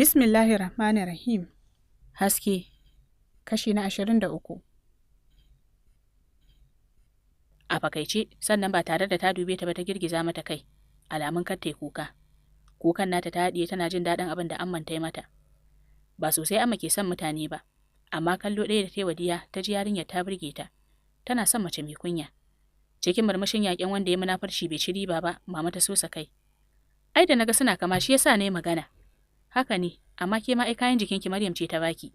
Bismillahir Rahmanir Rahim Haske kashi na ashirin da uku A fakaice sannan ba tare da ta dube ta ba ta girgiza mata kai alamun kar ta kuka kukan nata ta haɗiye tana jin daɗin abin da amman ta yi mata ba sosai amma ke son mutane ba amma kallo ɗaya da ta wadiya ta ji yarinyar ta burge ta tana son mace mai kunya cikin murmushin yaƙin wanda ya munafarci bai ci riba ba mama ta sosa kai ai da naga suna kama shi yasa yi magana haka ne amma ke ma ai kayan jikinki Maryam ce ta baki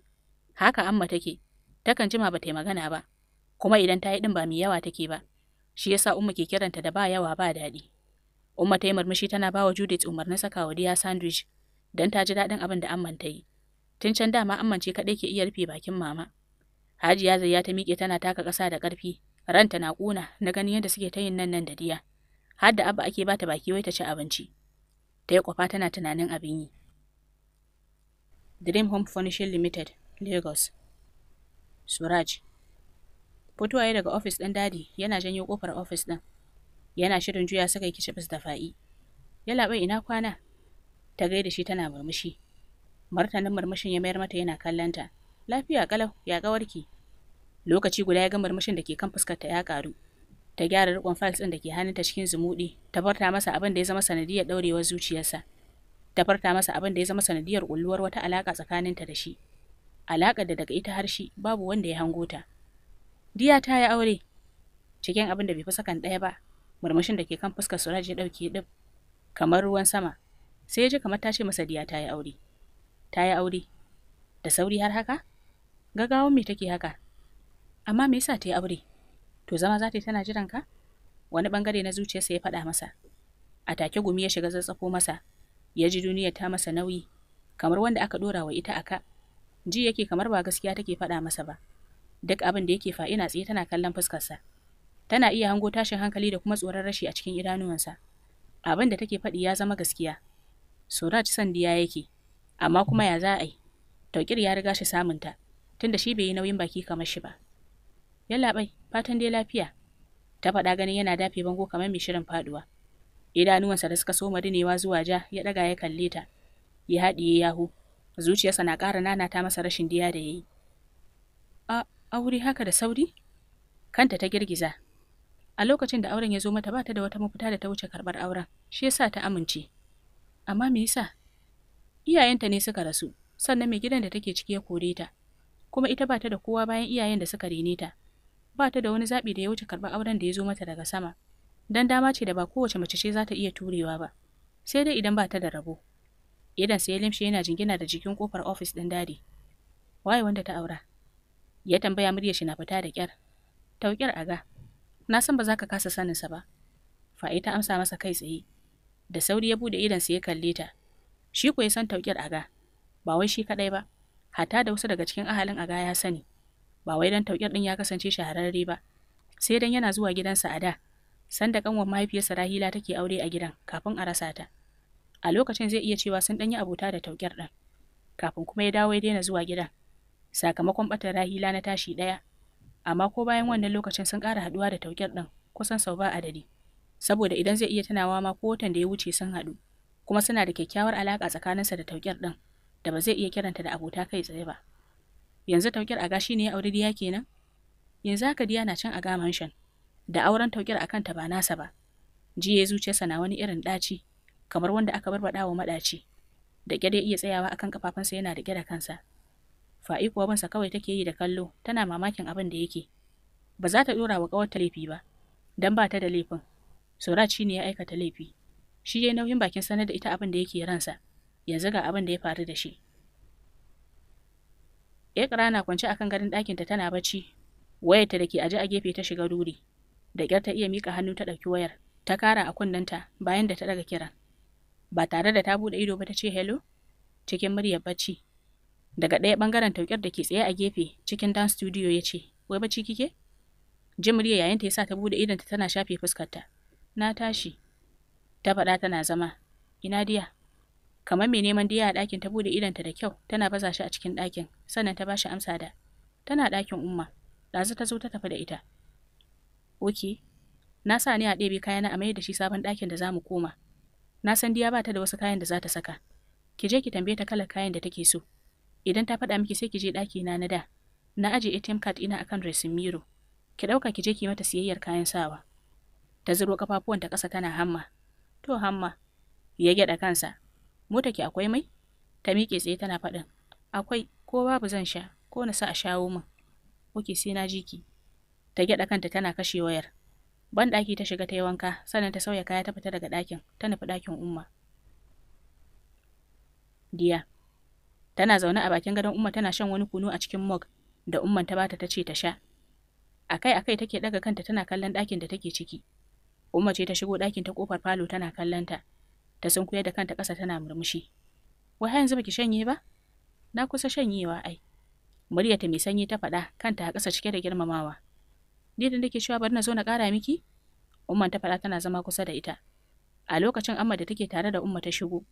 haka amma take takan jima ba ta yi magana ba kuma idan ta yi din ba mai yawa take ba shi yasa umma ke kiranta da ba yawa ba daɗi umma ta yi murmushi tana bawa Judith umarnin saka wa diya sandwich dan ta ji daɗin abin da amman ta yi tun can dama amman ce kaɗai ke iya rufe bakin mama Hajiya Zayya ta miƙe tana taka ƙasa da ƙarfi ranta na ƙuna na ganin yadda suke ta yin nan nan da diya har da abba ake bata baki wai ta ci abinci ta yi kwafa tana tunanin abin yi Dream Home Furnishing Limited, Lagos. Suraj. Fitowa daga ofis ɗin dadi yana janyo ƙofar ofis ɗin. Yana shirin juya suka yi kicibis da fa'i. Ya laɓe ina kwana? Ta gaida shi tana murmushi. Martanin murmushin ya mayar mata yana kallanta. Lafiya kalau, ya warki. Lokaci guda ya ga murmushin da ke kan fuskarta ya karu. Ta gyara riƙon fals ɗin da ke hannunta cikin zumuɗi, ta ta masa abin da ya zama sanadiyar ɗaurewar zuciyarsa. ta farta masa abin da ya zama sanadiyar kulluwar wata alaka tsakaninta da shi alaka da daga ita har shi babu wanda ya hango ta diya ta yi aure cikin abin da bai fi sakan ɗaya ba murmushin da ke kan fuskar suraj ya ɗauke ɗin kamar ruwan sama sai ya ji kamar ta ce masa diya ta yi aure ta yi aure da sauri har haka gagawan me take haka amma me yasa ta yi aure to zama za ta yi tana jiran ka wani bangare na zuciyarsa ya faɗa masa a take gumi ya shiga zazzafo masa ya ji duniyar ta masa nauyi kamar wanda aka dora wa ita aka ji yake kamar ba gaskiya take faɗa masa ba duk abin da yake fa'ina tsaye tana kallon fuskarsa tana iya hango tashin hankali da kuma tsoron rashi a cikin idanuwansa abin da take faɗi ya zama gaskiya suraj sandiya yake amma kuma ya za a yi taukir ya riga shi samunta tunda shi bai yi nauyin baki kamar shi ba yallaɓai fatan dai lafiya ta faɗa ganin yana dafe bango kamar mai shirin faɗuwa idanuwansa da suka soma dinewa zuwa ja ya daga ya kalle ta ya haɗiye yahu zuciyarsa na ƙara ta masa rashin diya da yayi a aure haka da sauri kanta ta girgiza a lokacin da auren ya zo mata bata da wata mafita da ta wuce karɓar auren shi ya sa ta amince amma me yasa iyayenta ne suka rasu sannan mai gidan da take ciki ya kore ta kuma ita bata da kowa bayan iyayen da suka rene ta bata da wani zaɓi da ya wuce karɓar auren da ya zo mata daga sama dan dama ce da ba kowace mace ce za ta iya turewa ba, sai dai idan ba ta da rabo. Idan sai limshi yana jingina da jikin kofar ofis ɗin dadi. Waye wanda ta aura? Ya tambaya murya shi na fita da kyar. Tauƙyar aga. Na san ba za ka kasa sanin sa ba. Fa'i ta amsa masa kai tsaye. Da sauri ya bude idan ya kalle ta. Shi ko ya san tauƙyar aga. Ba wai shi kaɗai ba. Hata da wasu daga cikin ahalin aga ya sani. Ba wai dan tauƙyar ɗin ya kasance shahararre ba. Sai dan yana zuwa gidansa a da. sanda kanwar mahaifiyarsa Rahila take aure a gidan kafin a rasa ta. A lokacin zai iya cewa sun danyi abota da taukyar ɗan, kafin kuma ya dawo ya daina zuwa gidan. Sakamakon ɓatar Rahila na tashi ɗaya, amma ko bayan wannan lokacin sun ƙara haɗuwa da taukyar ɗan kusan sau ba adadi. Saboda idan zai iya tunawa ma ko watan da ya wuce sun haɗu, kuma suna da kyakkyawar alaƙa tsakaninsa da taukyar ɗan da ba zai iya kiranta da abota kai tsaye ba. Yanzu taukyar a gashi ne ya aure diya kenan? Yanzu haka diya na can a gama shan. da auren taukir a kanta ba nasa ba ji ya zuciyarsa na wani irin ɗaci kamar wanda aka barbaɗa wa maɗaci da gyade iya tsayawa akan kafafunsa yana da da kansa fa'i kuwa bansa kawai take yi da kallo tana mamakin abin da yake ba za ta ɗora wa ƙawarta laifi ba don ba ta da laifin sauraci ne ya aikata laifi shi ya nauyin bakin sanar da ita abin da yake ransa yanzu ga abin da ya faru da shi Ekra na kwance akan garin ɗakinta tana bacci wayarta da ke aje a gefe ta shiga duri da kyar ta iya mika hannu ta ɗauki wayar ta kara a kunnenta bayan da ta ɗaga kiran ba tare da ta buɗe ido ba ta ce hello cikin muryar bacci daga ɗaya ɓangaren taukar da ke tsaye a gefe cikin dan studio ya ce wai bacci kike Ji murya yayin ta yasa ta buɗe idonta tana shafe fuskarta na tashi ta faɗa tana zama ina diya kamar mai neman diya a ɗakin ta buɗe idonta da kyau tana baza shi a cikin ɗakin sannan ta ba shi amsa da tana ɗakin umma ɗazu ta zo ta tafi da ita oke na sa ni a ɗebe kayana a mayar da shi sabon ɗakin da za mu koma. Na san diya ba ta da wasu kayan da za ta saka. Ki je ki tambaye ta kalar kayan da take so. Idan ta faɗa miki sai ki je ɗaki na na da. Na aje ATM card ina akan dressing mirror. Ki ɗauka ki je ki mata siyayyar kayan sawa. Ta zuro kafafuwan ta ƙasa tana hamma. To hamma. Ya gyaɗa kansa. Mota ki akwai mai? Ta miƙe tsaye tana faɗin. Akwai ko babu zan sha ko na sa a shawo min. Oke sai na ji ki. ta gyaɗa kanta tana kashe wayar ban ɗaki ta shiga ta yi wanka sannan ta sauya kaya ta fita daga ɗakin ta nufi ɗakin umma diya tana zaune a bakin gadon umma tana shan wani kunu a cikin mug da umman ta bata ta ce ta sha akai akai take daga kanta tana kallon ɗakin da take ciki umma ce ta shigo ɗakin ta kofar falo tana kallon ta ta sunkuya da kanta ƙasa tana murmushi wai har yanzu baki shanye ba na kusa shanyewa ai muryarta mai sanyi ta faɗa kanta a ƙasa cike da girmamawa ni da nake cewa bari na zo na ƙara miki umman ta faɗa tana zama kusa da ita a lokacin amma da take tare da umma ta shigo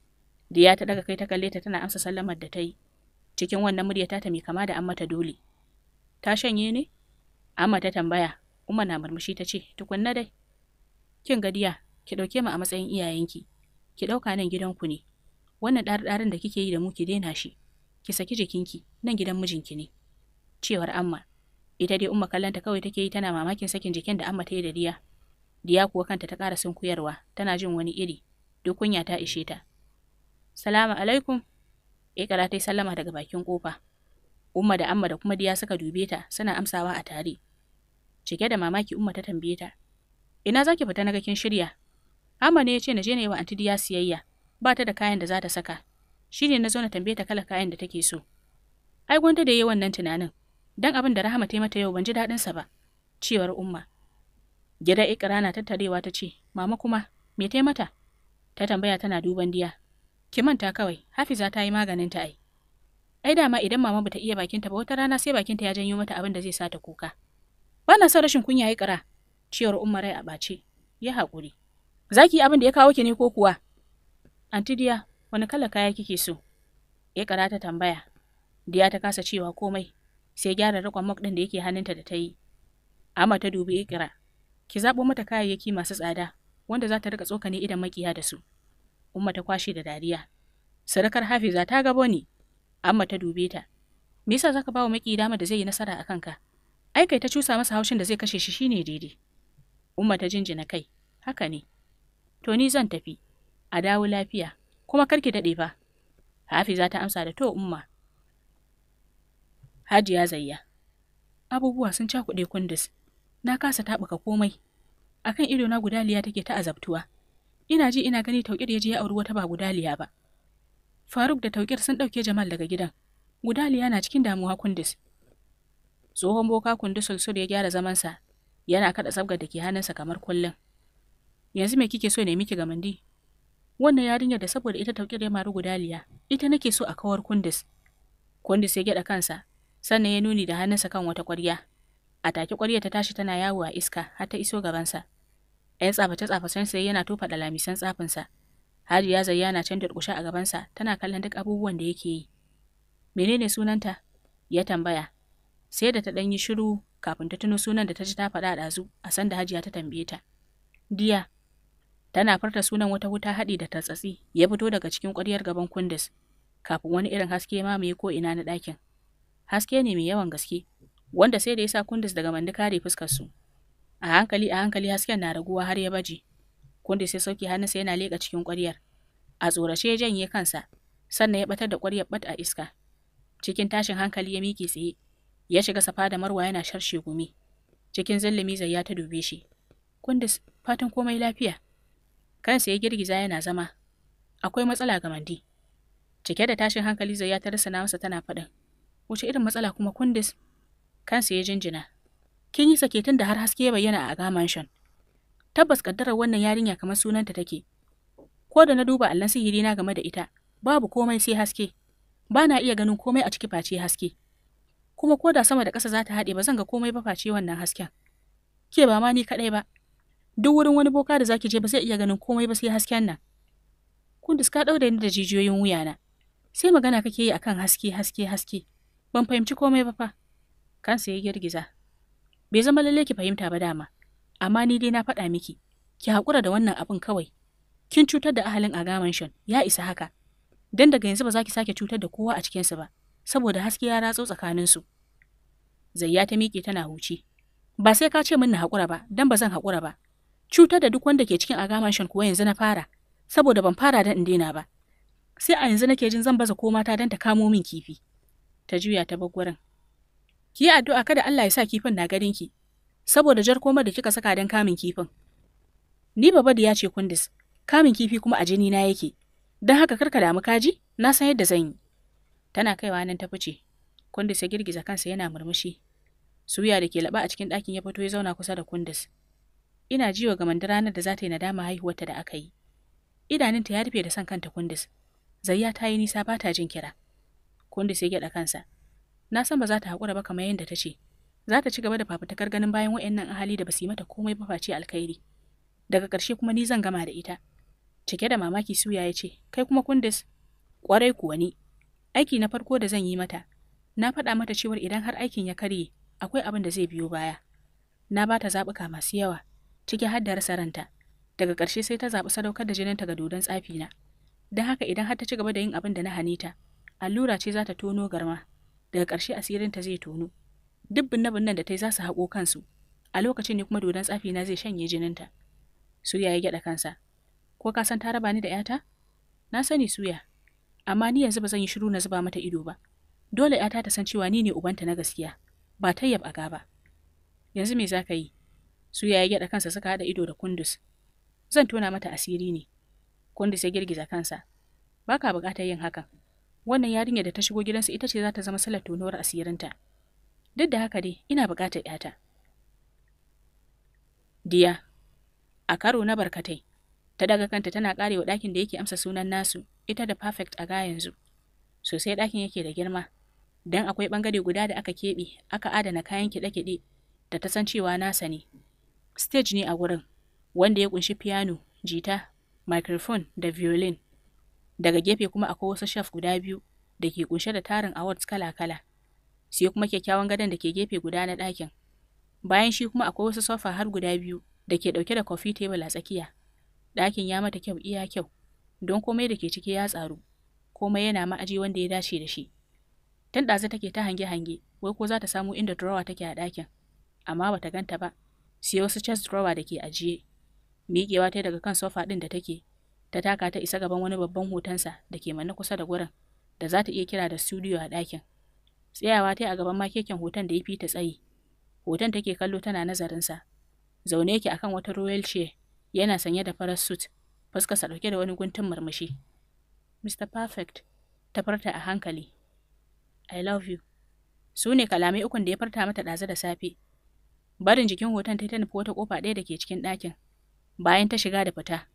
diya ta daga kai ta kalle ta tana amsa sallamar da ta yi cikin wannan murya ta mai kama da amma ta dole ta shanye ne amma ta tambaya umma na murmushi ta ce tukunna dai kin gadiya ki ɗauke mu a matsayin iyayenki ki ɗauka nan gidanku ne wannan ɗar-ɗarin da kike yi da mu ki daina shi ki saki jikinki nan gidan mijinki ne cewar amma ita dai umma kallanta kawai take yi tana mamakin sakin jikin da amma ta yi da diya diya kuwa kanta ta ƙara kuyarwa tana jin wani iri duk kunya ta ishe ta salamu alaikum ikara ta yi sallama daga bakin kofa umma da amma da kuma diya suka dube ta suna amsawa a tare cike da mamaki umma ta tambaye ta ina za ki fita na kin shirya amma ne ya ce na je na yi wa anti diya siyayya ba ta da kayan da za ta saka shi ne na zo na tambaye ta kala kayan da take so ai gwanda da yi wannan tunanin Don abin da Rahama ta yi mata yau ban ji daɗin ba. Cewar Umma. Gida ikira na tattarewa ta ce, "Mama kuma, me ta mata?" Ta tambaya tana duban diya. Ki manta kawai, Hafiza ta yi maganin ta ai. Ai dama idan mama bata iya bakinta ba wata rana sai bakinta ya janyo mata abin da zai sa ta kuka. Ba na son rashin kunya ikira Cewar Umma rai a bace. Ya haƙuri. zaki ki yi abin da ya kawo ki ne ko kuwa? Anti Diya, wani kala kaya kike so? Ya ta tambaya. Diya ta kasa cewa komai, sai gyara rikon mok ɗin da yake hannunta da ta yi. Amma ta dubi ikira. Ki zaɓo mata kayayyaki masu tsada wanda za ta tsoka ne idan makiya da su. Umma ta kwashe da dariya. Sadakar Hafiza ta gabo ne. Amma ta dube ta. Me yasa zaka bawa maki dama da zai yi nasara a kanka? Ai kai ta cusa masa haushin da zai kashe shi shine daidai. Umma ta jinjina kai. Haka ne. To ni zan tafi. A dawo lafiya. Kuma kar ki daɗe fa. Hafiza ta amsa da to umma. Hajiya Zayya. Abubuwa sun cakuɗe Kundis. Na kasa taɓuka komai. Akan ido na gudaliya take ta azabtuwa. Ina ji ina gani Tauƙir ya je ya auri wata ba gudaliya ba. Faruk da Tauƙir sun ɗauke Jamal daga gidan. Gudaliya na cikin damuwa Kundis. Tsohon boka kundis sulsul ya gyara zamansa. Yana kaɗa sabgar da ke hannunsa kamar kullum. Yanzu me kike so ne miki ga mandi? Wannan yarinyar da saboda ita Taukir ya maru gudaliya, ita nake so a kawar Kundis. Kundis ya gyaɗa kansa, sannan ya nuni da hannunsa kan wata kwarya. A take ƙwarya ta tashi tana yawo a iska har ta iso gabansa. ‘Yan tsaface-tsafacen sai yana tofa da lamisan tsafinsa. Hajiya yana can durƙushe a gabansa tana kallon duk abubuwan da yake yi. Menene sunanta? Ya tambaya. Sai da ta ɗan yi shiru kafin ta tuno sunan da ta ji ta faɗa a ɗazu a san da Hajiya ta tambaye ta. Diya. Tana furta sunan wata wuta haɗi da tatsatsi. ya fito daga cikin ƙwaryar gaban kundis kafin wani irin haske mamaye ko ina na ɗakin. haske ne mai yawan gaske wanda sai da ya sa kundis daga mandi kare fuskar su a hankali a hankali hasken na raguwa har ya baje kundis ya sauke hannunsa yana leƙa cikin ƙwaryar a tsorace ya janye kansa sannan ya batar da ƙwaryar ɓat a iska cikin tashin hankali ya miƙe tsaye ya shiga safa da marwa yana sharshe gumi cikin zillimi zayya ta dube shi kundis fatan komai lafiya kansa ya girgiza yana zama akwai matsala ga mandi cike da tashin hankali zayya ta rasa masa tana faɗin Wace irin matsala kuma kundis? Kansa ya jinjina. Kin yi sake tun da har haske ya bayyana a ga mansion. Tabbas kaddarar wannan yarinya kamar sunanta take. Ko da na duba allon sihiri na game da ita, babu komai sai haske. Ba na iya ganin komai a ciki face haske. Kuma ko da sama da kasa za ta haɗe ba zan ga komai ba face wannan hasken. Ke ba ma ni kaɗai ba. Duk wurin wani boka da zaki je ba zai iya ganin komai ba sai hasken nan. Kundis ka da ni da jijiyoyin wuyana. Sai magana kake yi akan haske haske haske. Ban fahimci komai ba fa. Kansa ya girgiza. Bai zama lalle ki fahimta ba dama. Amma ni dai na faɗa miki. Ki haƙura da wannan abin kawai. Kin cutar da ahalin a gamanshon. Ya isa haka. Dan daga yanzu ba za ki sake cutar da kowa a cikinsu ba. Saboda haske ya ratso tsakaninsu. Zayya ta miƙe tana huci. Ba sai ka ce min na haƙura ba, dan ba zan haƙura ba. Cutar da duk wanda ke cikin agamashin kuwa yanzu na fara. saboda ban fara da in daina ba. Sai a yanzu nake jin zan baza komata mata don ta kamo min kifi. ta juya ta bar gurin. Ki yi addu'a kada Allah ya sa kifin na garin ki, saboda jar koma da kika saka don kamun kifin. Ni baba da ya ce kundis, kamun kifi kuma a jini na yake, don haka karka damu kaji, na san yadda zan yi. Tana kaiwa nan ta fice, kundis ya girgiza kansa yana murmushi. Suya da ke laɓa a cikin ɗakin ya fito ya zauna kusa da kundis. Ina jiwa ga ranar da za ta yi nadama haihuwarta da aka yi. Idanunta ya rufe da san kanta kundis, zayya ta yi nisa ba ta jin kira. Kundis ya gyaɗa kansa. Na san ba za ta haƙura ba kamar yadda ta ce. Za ta ci gaba da fafutukar ganin bayan wayannan ahali da ba su mata komai ba face alkhairi. Daga ƙarshe kuma ni zan gama da ita. Cike da mamaki suya ya ce, kai kuma Kundis, ƙwarai kuwa ni. Aiki na farko da zan yi mata, na faɗa mata cewar idan har aikin ya karye, akwai abin da zai biyo baya. Na ba ta zaɓuka masu yawa, ciki har da rasa ranta. Daga ƙarshe sai ta zaɓi sadaukar da jininta ga dodon tsafina. Don haka idan har ta ci gaba da yin abin da na hanita, allura ce za ta tono garma daga ƙarshe ta zai tono duk binne binnan da ta yi za su haƙo kansu a lokacin ne kuma dodon tsafi na zai shanye jininta suya ya gyaɗa kansa ko ka san ta raba ni da yata na sani suya amma ni yanzu ba zan yi shiru na zuba mata ido ba dole yata ta san cewa ni ne ubanta na gaskiya ba ta a gaba ba yanzu me za ka yi suya ya gyaɗa kansa suka haɗa ido da kundus zan tona mata asiri ne kundus ya girgiza kansa baka buƙatar yin hakan wannan yarinya da ta shigo gidansu ita ce za ta zama salar tonuwar asirinta duk da haka dai ina buƙatar yata diya a karo na barkatai ta daga kanta tana karewa ɗakin da yake amsa sunan nasu ita da perfect a ga yanzu sosai ɗakin yake da girma don akwai ɓangare guda da aka keɓe aka adana kayan kiɗe-kiɗe da ta san cewa nasa ne stage ne a gurin wanda ya ƙunshi piano jita microphone da violin daga gefe kuma akwai wasu shelf guda biyu da ke kunshe da tarin awards kala-kala sai kuma kyakkyawan gadon da ke gefe guda na ɗakin bayan shi kuma akwai wasu sofa har guda biyu da ke ɗauke da coffee table a tsakiya ɗakin ya mata kyau iya kyau don komai da ke ciki ya tsaru komai yana ma'aji wanda ya dace da shi tun ɗazu take ta hange-hange wai ko za ta samu inda drawer take a ɗakin amma bata ganta ba sai wasu chest drawer da ke ajiye miƙewa ta daga kan sofa ɗin da take ta taka ta isa gaban wani babban hotonsa da ke manne kusa da gurin da za ta iya kira da studio a ɗakin. Tsayawa ta yi a gaban makeken hoton da ya fi ta tsayi. Hoton take kallo tana nazarinsa. Zaune yake akan wata royal chair yana sanye da farar suit, fuskarsa ɗauke da wani guntun murmushi. Mr. Perfect ta farta a hankali. I love you. Su ne kalamai ukun da ya farta mata ɗazu da safe. Barin jikin hoton ta ta nufi wata kofa ɗaya da ke cikin ɗakin. Bayan ta shiga da fita,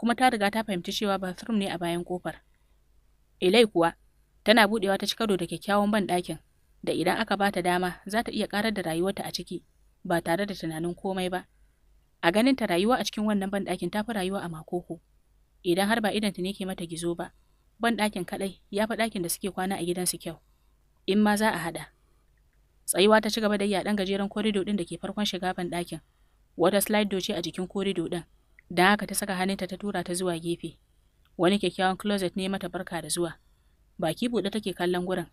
kuma ta riga ta fahimci cewa bathroom ne a bayan kofar. elai kuwa tana budewa ta cika da kyakkyawan ban da idan aka ba ta dama za ta iya ƙarar da rayuwarta a ciki ba tare da tunanin komai ba. A ganin ta rayuwa a cikin wannan ban ta fi rayuwa a makoko. Idan har ba idanta ne ke mata gizo ba, ban kaɗai ya fi ɗakin da suke kwana a gidansu kyau. In ma za a haɗa. Tsayuwa ta ci gaba da yaɗan gajeren korido ɗin da ke farkon shiga ban Wata slide ce a jikin korido ɗin. Don haka ta saka hannunta ta tura ta zuwa gefe. Wani kyakkyawan closet ne mata barka da zuwa. Baki buɗe take kallon gurin.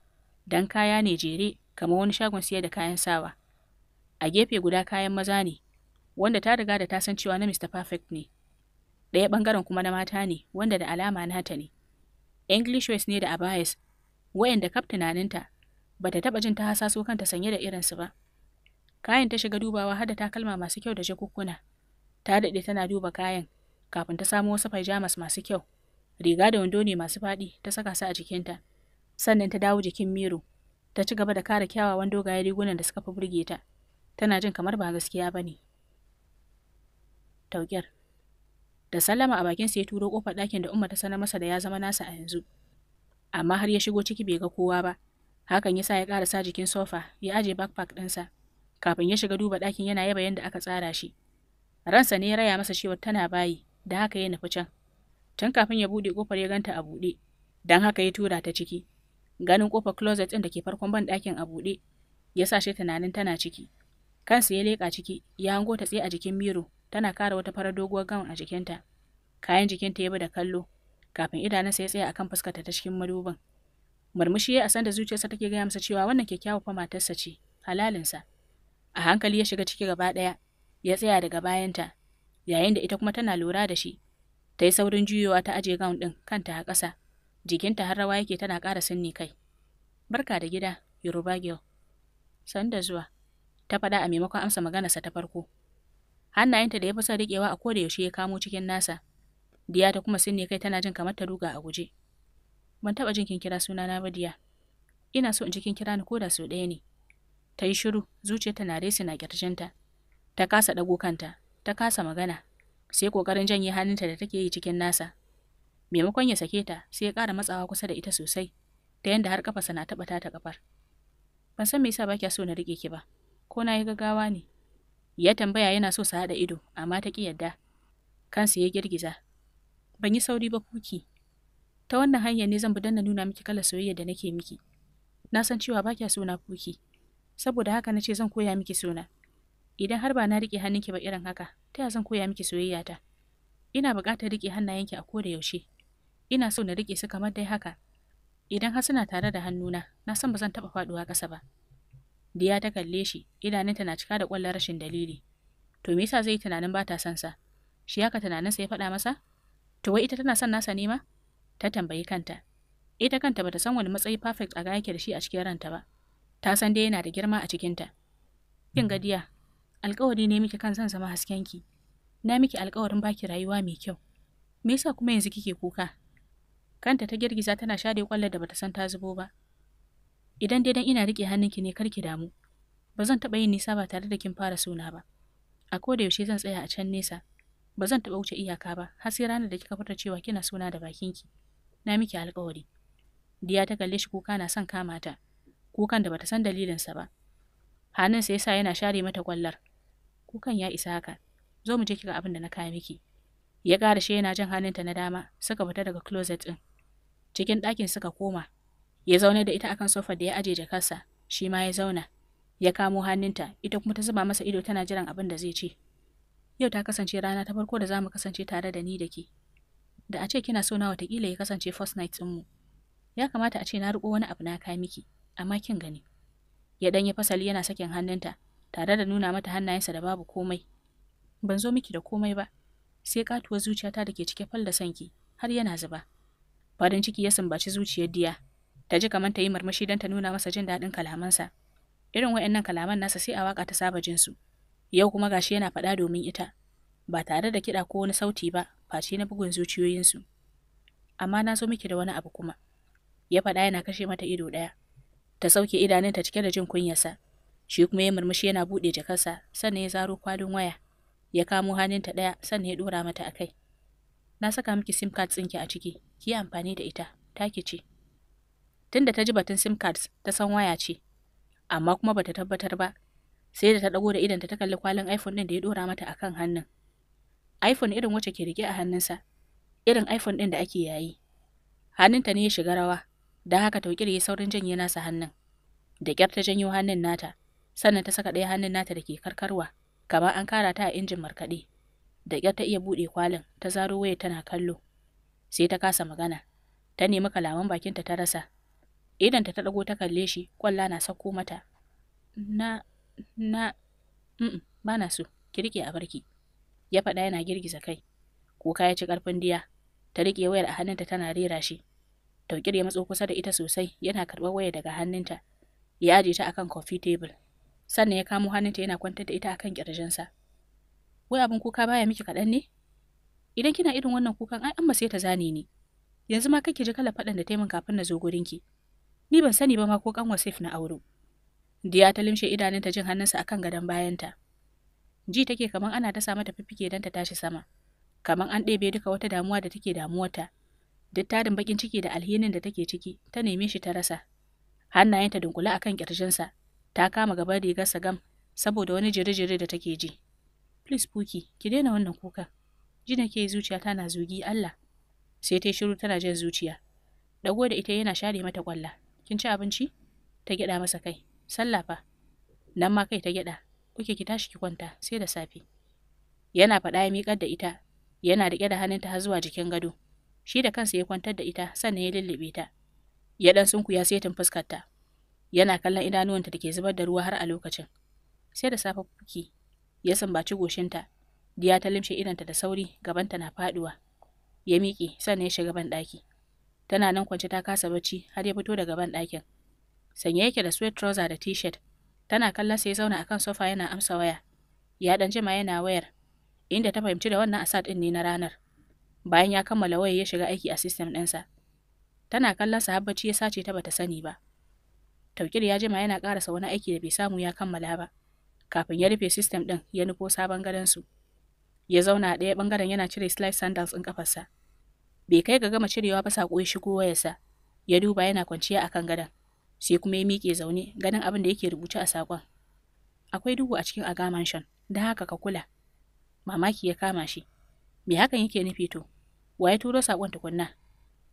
Dan kaya ne jere kamar wani shagon siyar da kayan sawa. A gefe guda kayan maza ne, wanda ta riga da ta san cewa na Mr. Perfect ne. Ɗaya ɓangaren kuma na mata ne, wanda da alama nata ne. English West ne da Abayas, wayanda kaf tunaninta bata ta taɓa jin ta hasaso kanta sanye da irin su ba. Kayan ta shiga dubawa har da takalma masu kyau da jakukkuna. ta daɗe tana duba kayan kafin ta samo wasu pajamas masu kyau riga da wando ne masu faɗi ta saka su a jikinta sannan ta dawo jikin miro ta ci gaba da kare kyawawan dogayen rigunan da suka fi burge ta tana jin kamar ba gaskiya ba ne tauƙyar da sallama a bakin sa ya turo kofar ɗakin da umma ta sanar masa da ya zama nasa a yanzu amma har ya shigo ciki bai ga kowa ba hakan yasa ya ƙara sa jikin sofa ya aje backpack ɗinsa kafin ya shiga duba ɗakin yana yaba yadda aka tsara shi ransa ne ya raya masa cewa tana bayi da haka ya nufi can tun kafin ya buɗe kofar ya ganta a buɗe dan haka ya tura ta ciki ganin kofar closet ɗin da ke farkon ban ɗakin a buɗe ya sa shi tunanin tana ciki kansa ya leka ciki ya hango ta tsaye a jikin miro tana kara wata farar doguwar gown a jikinta kayan jikinta ya bi da kallo kafin idanunsa ya tsaya akan fuskarta ta cikin madubin murmushi ya asan da zuciyarsa take gaya masa cewa wannan kyakkyawa fa matarsa ce halalinsa a hankali ya shiga ciki gaba ɗaya ya tsaya daga bayanta, yayin da ita kuma tana lura da shi. Ta yi saurin juyowa ta aje gaun ɗin kanta a ƙasa, jikinta har rawa yake tana ƙara sinni kai. Barka da gida, Yoruba girl. San da zuwa, ta faɗa a maimakon amsa maganarsa ta farko. Hannayenta da ya fi son riƙewa a da yaushe ya kamo cikin nasa. Diya ta kuma sinne kai tana jin kamar ta ruga a guje. Ban taɓa jin kin kira sunana ba diya. Ina so in ji kin kira ni ko da sau ɗaya ne. Ta yi shiru, zuciyarta na resi na ƙirjinta. Ta kasa ɗago kanta, ta kasa magana, sai ƙoƙarin janye hannunta da take yi cikin nasa. Maimakon ya sake ta, sai ya ƙara matsawa kusa da ita sosai, ta yanda har ƙafarsa na taɓa ta ƙafar. Ban san me yasa ba kya so na riƙe ki ba, ko na yi gaggawa ne. Ya tambaya yana so su haɗa ido, amma ta ƙi yadda. Kansa ya girgiza. Ban yi sauri ba kuki. Ta wannan hanyar ne zan bi na nuna miki kalar soyayya da nake miki. Na san cewa ba kya so na kuki, saboda haka na ce zan koya miki suna. idan har ba na riƙe hannunki ba irin haka ta yasan zan koya miki soyayya ta ina buƙatar riƙe hannayenki a koda yaushe ina so na riƙe su kamar dai haka idan har suna tare da hannuna na san ba zan taɓa faɗuwa ƙasa ba diya ta kalle shi idanunta na cika da ƙwallon rashin dalili to me yasa zai yi tunanin ba ta son sa shi haka tunaninsa ya faɗa masa to wai ita tana son nasa ne ma ta tambayi kanta ita kanta bata san wani matsayi perfect a ga yake da shi a cikin ranta ba ta san dai yana da girma a cikinta kin gadiya alkawari ne miki kan zan zama ki. na miki alkawarin baki rayuwa mai kyau me yasa kuma yanzu kike kuka kanta ta girgiza tana share kwallar da bata san ta zubo ba idan dai dan ina rike hannunki ne kar ki damu ba zan taba yin nisa ba tare da kin fara suna ba a koda yaushe zan tsaya a can nesa ba zan taba wuce iyaka ba har sai ranar da kika fita cewa kina suna da bakinki na miki alkawari diya ta kalle shi kuka na son kama ta kukan da bata san dalilinsa ba hannunsa yasa yana share mata kwallar kukan ya isa haka zo mu je kira abin da na kaya miki ya ƙara shi yana jan hannunta na dama suka fita daga closet ɗin cikin ɗakin suka koma ya zaune da ita akan sofa da ya aje jakarsa shi ma ya zauna ya kamo hannunta ita kuma ta zuba masa ido tana jiran abin da zai ce yau ta kasance rana ta farko da za mu kasance tare da ni da ke da a ce kina so na watakila ya kasance first night mu. ya kamata a ce na riƙo wani abu na kaya miki amma kin gani ya ɗanyi fasali yana sakin hannunta tare da nuna mata hannayensa da babu komai. Ban zo miki da komai ba, sai katuwar zuciyata da ke cike fal da sanki har yana zuba. Farin ciki ya sumbaci zuciyar diya, ta ji kamar ta yi marmashi don ta nuna masa jin daɗin kalamansa. Irin wa'annan kalaman nasa sai a waka ta saba jinsu. Yau kuma gashi yana faɗa domin ita, ba tare da kiɗa ko wani sauti ba, face na bugun zuciyoyinsu. Amma na zo miki da wani abu kuma. Ya faɗa yana kashe mata ido ɗaya. Ta sauke idanunta cike da jin kunyarsa. shi kuma ya murmushi yana bude jakarsa sannan ya zaro kwalin waya ya kamo hannunta ɗaya sannan ya dora mata akai. na saka miki sim card ɗinki a ciki ki amfani da ita take ce tunda ta ji batun sim cards ta san waya ce amma kuma bata tabbatar ba sai da ta ɗago da idanta ta kalli kwalin iphone ɗin da ya ɗora mata akan hannun iphone irin wacce ke rike a hannunsa irin iphone ɗin da ake yayi hannunta ne ya shiga rawa don haka taukir ya saurin janye nasa hannun da kyar ta janyo hannun nata sannan ta saka ɗaya hannun nata da ke karkarwa kamar an kara ta a injin markaɗe da ƙyar ta iya buɗe kwalin ta zaro waya tana kallo sai ta kasa magana ta nemi kalaman bakinta ta rasa idan ta ɗago ta kalle shi kwalla na sako mata na na ba na so ki riƙe a barki ya faɗa yana girgiza kai kuka ya ci ƙarfin diya ta riƙe wayar a hannunta tana rera shi tauƙir ya matso kusa da ita sosai yana karɓar waya daga hannunta ya aje ta akan coffee table sannan ya kamo hannunta yana kwantar da ita akan kirjinsa wai abin kuka baya miki kaɗan ne idan kina irin wannan kukan ai amma sai ta zane ni yanzu ma kake ji kala faɗan da taimin kafin na zo gurinki ni ban sani ba ma ko kan wasif na auro diya ta limshe idanunta jin hannunsa akan gadon bayanta ji take kaman ana dasa mata fifike don ta tashi sama kaman an ɗebe duka wata damuwa da take damuwarta duk tarin bakin ciki da alhinin da take ciki ta neme shi ta rasa hannayenta dunkule akan kirjinsa ta kama gaba rigarsa gam saboda wani jire-jire da take ji. Please Puki, ki daina wannan kuka. Ji nake zuciya tana zugi Allah. Sai ta shiru tana jin zuciya. Dago da ita yana share mata kwalla. Kin ci abinci? Ta gyada masa kai. Sallah fa. Nan ma kai ta gyada. Kuke ki tashi ki kwanta sai da safe. Yana faɗa ya miƙar da ita. Yana riƙe da hannunta har zuwa jikin gado. Shi da kansa ya kwantar da ita sannan ya lullube ta. Ya ɗan sunkuya setin fuskarta. yana kallon idanuwanta da ke zubar da ruwa har a lokacin sai da safe kuki ya sambaci goshinta diya ta limshe idanta da sauri gabanta na faduwa ya miƙe sannan ya shiga ban ɗaki tana nan kwance ta kasa bacci har ya fito daga ban ɗakin sanye yake da sweat trouser da t-shirt tana kallon sai ya zauna akan sofa yana amsa waya ya dan jima yana wayar inda ta fahimci da wannan asad din ne na ranar bayan ya kammala waya ya shiga aiki a system ɗinsa tana kallon sa har bacci ya sace ta bata sani ba taukir ya jima yana karasa wani aiki da bai samu ya kammala ba kafin ya rufe system ɗin ya nufo sabon su. ya zauna a ɗaya ɓangaren yana cire slice sandals ɗin kafarsa bai kai ga gama cirewa ba sako ya shigo wayarsa ya duba yana kwanciya akan gadon sai kuma ya miƙe zaune ganin abin da yake rubuce a sakon. akwai duhu a cikin aga mansion da haka ka kula mamaki ya kama shi me hakan yake nufi to waye turo sakon tukunna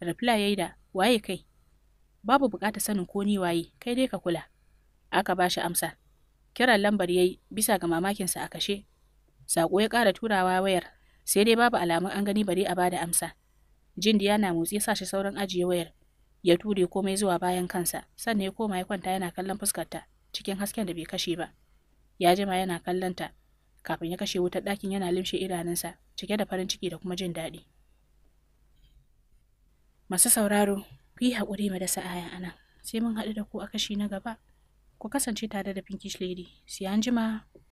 reply yayi da waye kai babu bukatar sanin ko ni waye kai dai ka kula aka ba shi amsa kiran lambar yayi bisa ga mamakinsa a kashe sako ya ƙara turawa wayar sai dai babu alamun an gani bare a bada amsa jin da yana motsi sa shi sauran ajiye wayar ya ture komai zuwa bayan kansa sannan ya koma ya kwanta yana kallon fuskarta cikin hasken da bai kashe ba ya jima yana kallon kafin ya kashe wutar ɗakin yana limshe idanunsa cike da farin ciki da kuma jin daɗi masu sauraro Ku yi haƙuri mu dasa aya a nan. Sai mun haɗu da ku a kashi na gaba. Ku kasance tare da Pinkish Lady. Sai anjima.